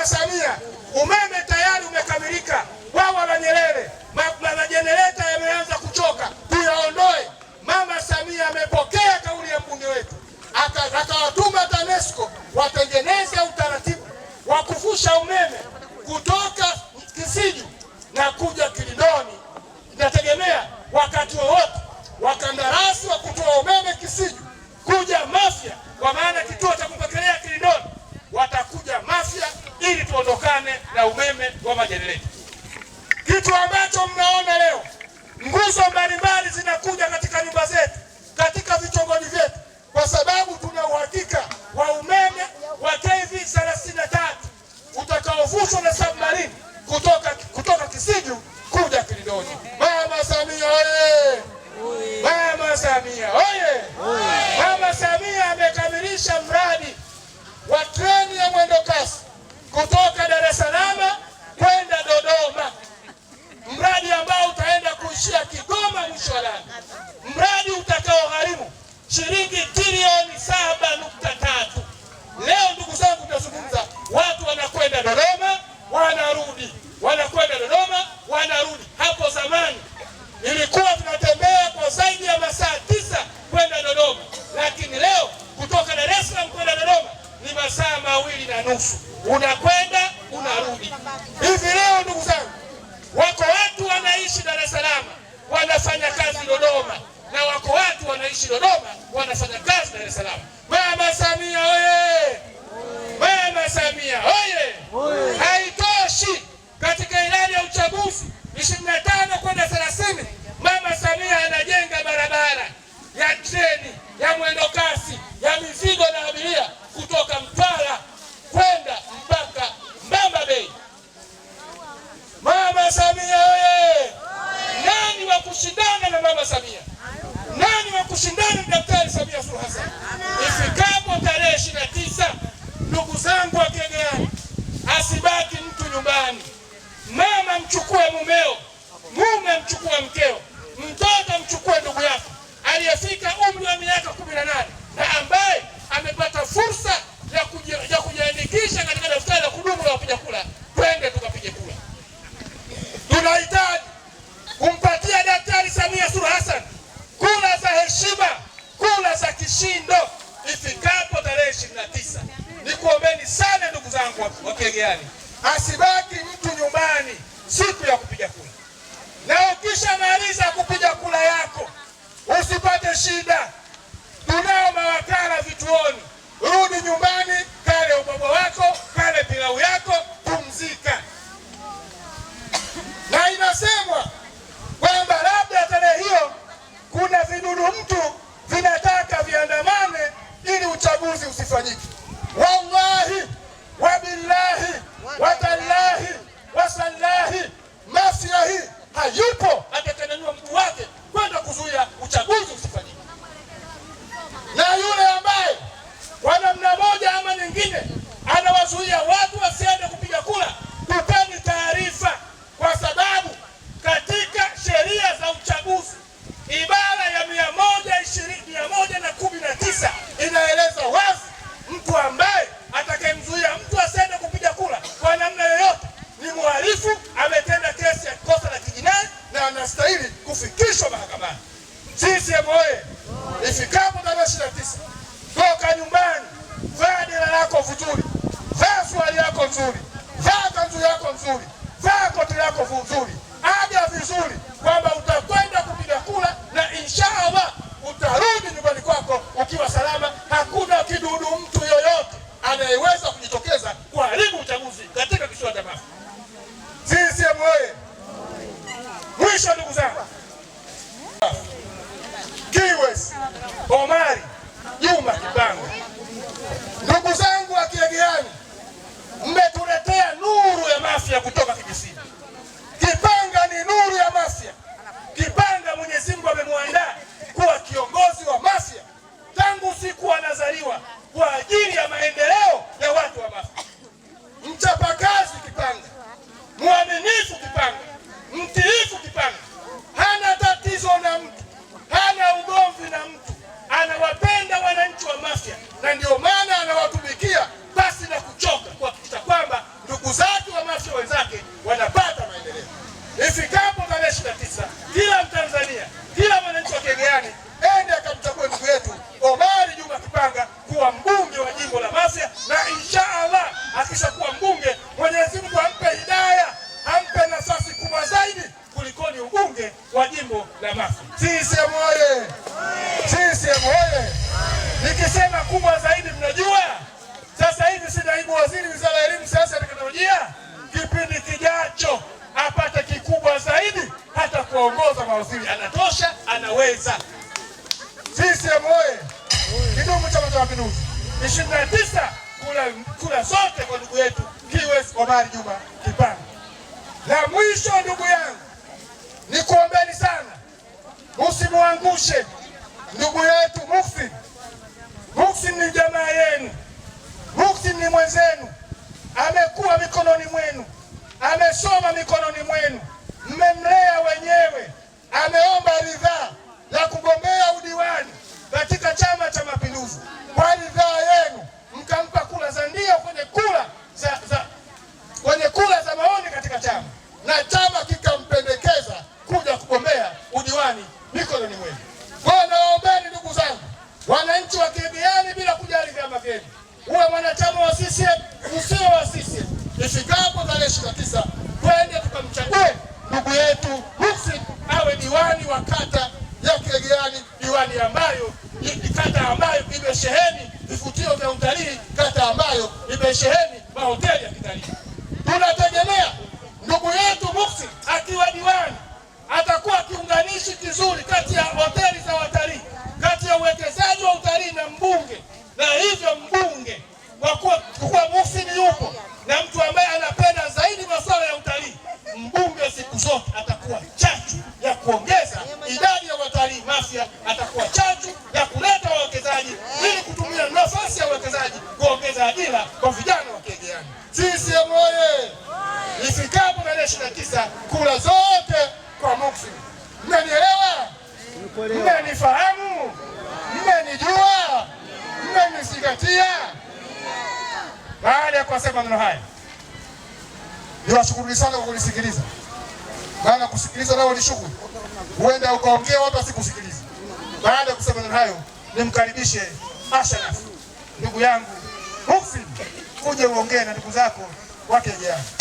na Samia, umeme tayari umekamilika. Bwawa la Nyerere, majenereta yameanza kuchoka, tuyaondoe. Mama Samia amepokea kauli ya mbunge wetu, akawatuma TANESCO watengeneze utaratibu wa kufusha umeme kutoka Kisiju na kuja Kilindoni. Inategemea wakati wowote wakandarasi wa kutoa umeme Kisiju kuja Mafia, kwa maana kituo cha ili tuondokane na umeme wa majenereta, kitu ambacho mnaona leo nguzo mbalimbali zinakuja katika nyumba zetu, katika vitongoji vyetu, kwa sababu tuna uhakika wa umeme wa KV 33 utakaovushwa na submarine kutoka, kutoka Kisiju kuja Kilindoni. Mama Samia oye! Mama Samia oye! Mama Samia amekamilisha mradi wa treni ya mwendo kasi kutoka Hivi leo, ndugu zangu, wako watu wanaishi Dar es Salaam wanafanya kazi Dodoma, na wako watu wanaishi Dodoma wanafanya kazi Dar es Salaam. Mama Samia oye! Mama Samia oye! mumeo, mume mchukue mkeo, mtoto mchukue ndugu yako aliyefika umri wa miaka kumi na nane na ambaye amepata fursa ya kujiandikisha katika daftari la kudumu la wapiga kura. Twende tukapige kura. Tunahitaji kumpatia Daktari Samia Suluhu Hassan kura za heshima, kura za kishindo ifikapo tarehe ishirini na tisa. Nikuombeni sana ndugu zangu Wakegeani, asibaki mtu nyumbani siku ya kupiga kura, na ukishamaliza kupiga kura yako usipate shida. Tunao mawakala vituoni, rudi nyumbani, kale ubwabwa wako, kale pilau yako. hayupo atanyanyua mguu wake kwenda kuzuia uchaguzi usifanyike. Na yule ambaye kwa namna moja ama nyingine anawazuia vizuri, vaa koti lako vizuri, aja vizuri, kwamba utakwenda kupiga kura na inshallah utarudi nyumbani kwako ukiwa salama. Hakuna kidudu mtu yoyote anayeweza kujitokeza kuharibu uchaguzi katika kisiwa cha Mafia. CCM oye! Mwisho ndugu zangu, Kiwes Omari nafasi ya kutoka kijijini. wanapata maendeleo. Ifikapo tarehe ishirini na tisa, kila Mtanzania, kila mwananchi wa Kiegeani ende akamchague ndugu yetu Omari Juma Kipanga kuwa mbunge wa jimbo la Masya, na insha Allah akishakuwa mbunge Mwenyezi Mungu ampe hidaya, ampe nafasi kubwa zaidi kulikoni ubunge wa jimbo la Masya. CCM oye! CCM oye! Nikisema kubwa zaidi, mnajua sasa hivi si naibu waziri wizara ya elimu, sayansi na teknolojia kama waziri anatosha, anaweza. CCM oye! Kidumu Chama cha Mapinduzi! ishirini na tisa kula sote kwa ndugu yetu Kiwes Omari Juma Kipanga. La mwisho ndugu yangu, nikuombeni sana usimwangushe ndugu yetu Muhsin. Muhsin ni jamaa yenu, Muhsin ni mwenzenu, amekuwa mikononi mwenu, amesoma mikononi mwenu, mmemlea wenyewe ameomba ridhaa ya kugombea udiwani katika Chama cha Mapinduzi. diwani wa kata ya Kigeani, diwani ambayo ni kata ambayo imesheheni vivutio vya utalii, kata ambayo imesheheni mahoteli ya kitalii. Tunategemea ndugu yetu Muksi akiwa diwani atakuwa kiunganishi kizuri kati ya hoteli za watalii, kati ya uwekezaji wa utalii na mbunge, na hivyo mbunge kwa kuwa Muksi ni yupo na mtu ambaye anapenda zaidi masuala ya utalii, mbunge siku zote kura zote kwa muksi Mmenielewa? Mmenifahamu? Mmenijua? Mmenizingatia? Baada ya kusema maneno haya, niwashukuruni sana kwa kunisikiliza, maana kusikiliza nao ni shughuli. Huenda ukaongea watu asikusikiliza. Baada ya kusema maneno hayo, nimkaribishe Ashraf ndugu yangu Muksu, kuja uongee na ndugu zako wake jana.